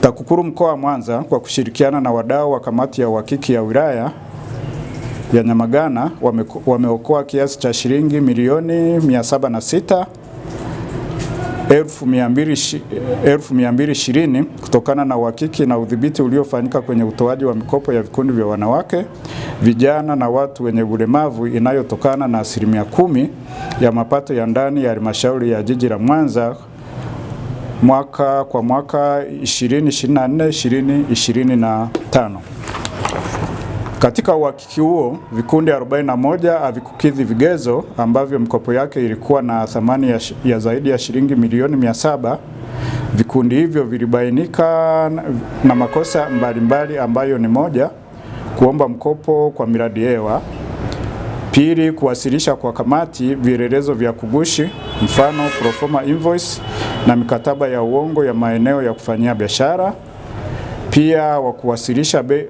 TAKUKURU mkoa wa Mwanza kwa kushirikiana na wadau wa kamati ya uhakiki ya wilaya ya Nyamagana wame, wameokoa kiasi cha shilingi milioni 706 220 kutokana na uhakiki na udhibiti uliofanyika kwenye utoaji wa mikopo ya vikundi vya wanawake, vijana na watu wenye ulemavu inayotokana na asilimia kumi ya mapato ya ndani ya halmashauri ya jiji la Mwanza mwaka kwa mwaka 2024 2025. Katika uhakiki huo vikundi 41 havikukidhi vigezo ambavyo mikopo yake ilikuwa na thamani ya, ya zaidi ya shilingi milioni 700. Vikundi hivyo vilibainika na makosa mbalimbali ambayo ni moja, kuomba mkopo kwa miradi hewa Pili, kuwasilisha kwa kamati vielelezo vya kugushi, mfano proforma invoice na mikataba ya uongo ya maeneo ya kufanyia biashara. Pia kuwasilisha be...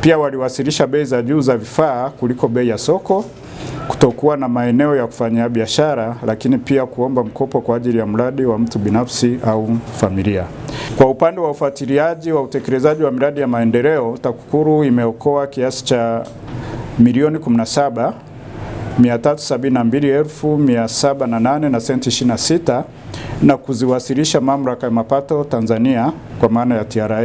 pia waliwasilisha bei za juu za vifaa kuliko bei ya soko, kutokuwa na maeneo ya kufanyia biashara, lakini pia kuomba mkopo kwa ajili ya mradi wa mtu binafsi au familia. Kwa upande wa ufuatiliaji wa utekelezaji wa miradi ya maendeleo, TAKUKURU imeokoa kiasi cha milioni 17 372,708 na senti 26 na kuziwasilisha Mamlaka ya Mapato Tanzania kwa maana ya TRA.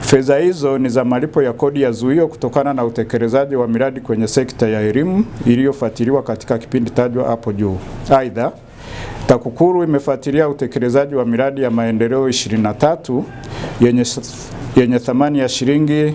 Fedha hizo ni za malipo ya kodi ya zuio kutokana na utekelezaji wa miradi kwenye sekta ya elimu iliyofuatiliwa katika kipindi tajwa hapo juu. Aidha, TAKUKURU imefuatilia utekelezaji wa miradi ya maendeleo 23 yenye, yenye thamani ya shilingi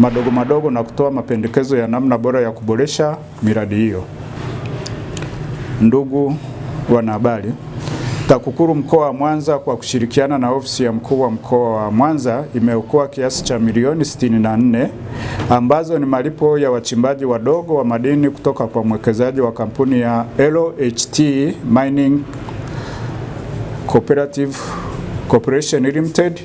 madogo madogo na kutoa mapendekezo ya namna bora ya kuboresha miradi hiyo. Ndugu wanahabari, TAKUKURU mkoa wa Mwanza kwa kushirikiana na ofisi ya mkuu wa mkoa wa Mwanza imeokoa kiasi cha milioni 64 ambazo ni malipo ya wachimbaji wadogo wa madini kutoka kwa mwekezaji wa kampuni ya LHT Mining Cooperative Corporation Limited.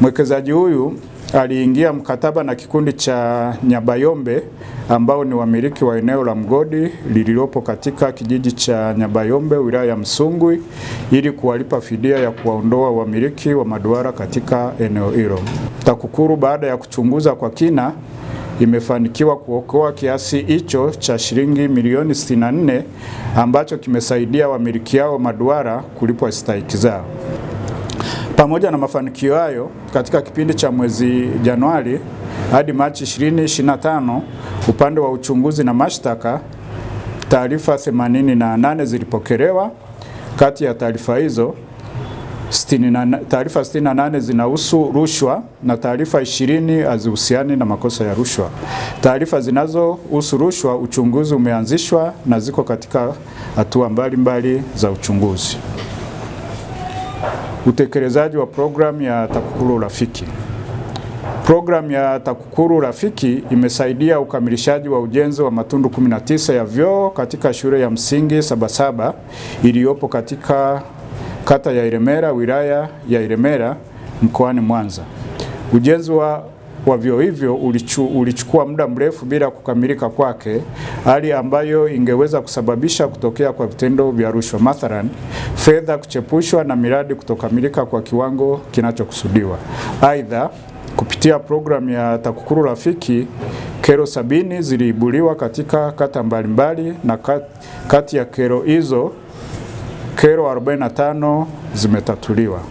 Mwekezaji huyu aliingia mkataba na kikundi cha Nyabayombe ambao ni wamiliki wa eneo la mgodi lililopo katika kijiji cha Nyabayombe wilaya ya Msungwi ili kuwalipa fidia ya kuwaondoa wamiliki wa maduara katika eneo hilo. TAKUKURU baada ya kuchunguza kwa kina imefanikiwa kuokoa kiasi hicho cha shilingi milioni 64 ambacho kimesaidia wamiliki hao maduara kulipwa stahiki zao. Pamoja na mafanikio hayo, katika kipindi cha mwezi Januari hadi Machi 2025, upande wa uchunguzi na mashtaka, taarifa 88 zilipokelewa. Kati ya taarifa hizo taarifa 68 zinahusu rushwa na taarifa 20 hazihusiani na makosa ya rushwa. Taarifa zinazohusu rushwa, uchunguzi umeanzishwa na ziko katika hatua mbalimbali za uchunguzi. Utekelezaji wa programu ya TAKUKURU Rafiki. Programu ya TAKUKURU Rafiki imesaidia ukamilishaji wa ujenzi wa matundu 19 ya vyoo katika shule ya msingi Sabasaba iliyopo katika kata ya Ilemela wilaya ya Ilemela mkoani Mwanza. Ujenzi wa wa hivyo ulichu, ulichukua muda mrefu bila kukamilika kwake, hali ambayo ingeweza kusababisha kutokea kwa vitendo vya rushwa, mathalan fedha kuchepushwa na miradi kutokamilika kwa kiwango kinachokusudiwa. Aidha, kupitia programu ya TAKUKURU Rafiki kero sabini ziliibuliwa katika kata mbalimbali na kat, kati ya kero hizo kero 45 zimetatuliwa.